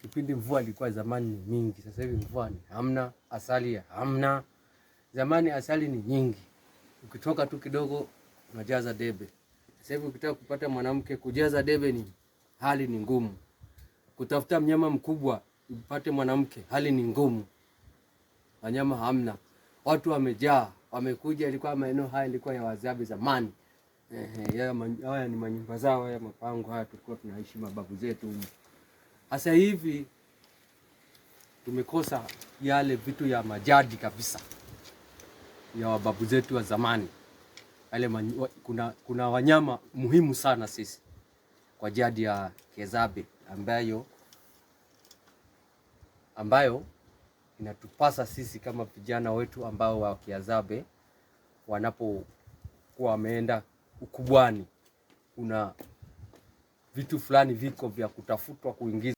Kipindi mvua ilikuwa zamani ni mingi, sasa hivi mvua ni hamna, asali ya hamna. Zamani asali ni nyingi, ukitoka tu kidogo unajaza debe. Sasa hivi ukitaka kupata mwanamke kujaza debe ni hali ni ngumu, kutafuta mnyama mkubwa upate mwanamke hali ni ngumu, wanyama hamna, watu wamejaa, wamekuja. Ilikuwa maeneo haya ilikuwa ya wazabi zamani. Ehe, haya ni manyumba zao haya, mapango haya tulikuwa tunaishi mababu zetu. Sasa hivi tumekosa yale vitu ya majadi kabisa ya wababu zetu wa zamani yale wa, kuna, kuna wanyama muhimu sana sisi kwa jadi ya Kezabe ambayo, ambayo inatupasa sisi kama vijana wetu ambao wa kiazabe wanapokuwa wameenda ukubwani, kuna vitu fulani viko vya kutafutwa kuingiza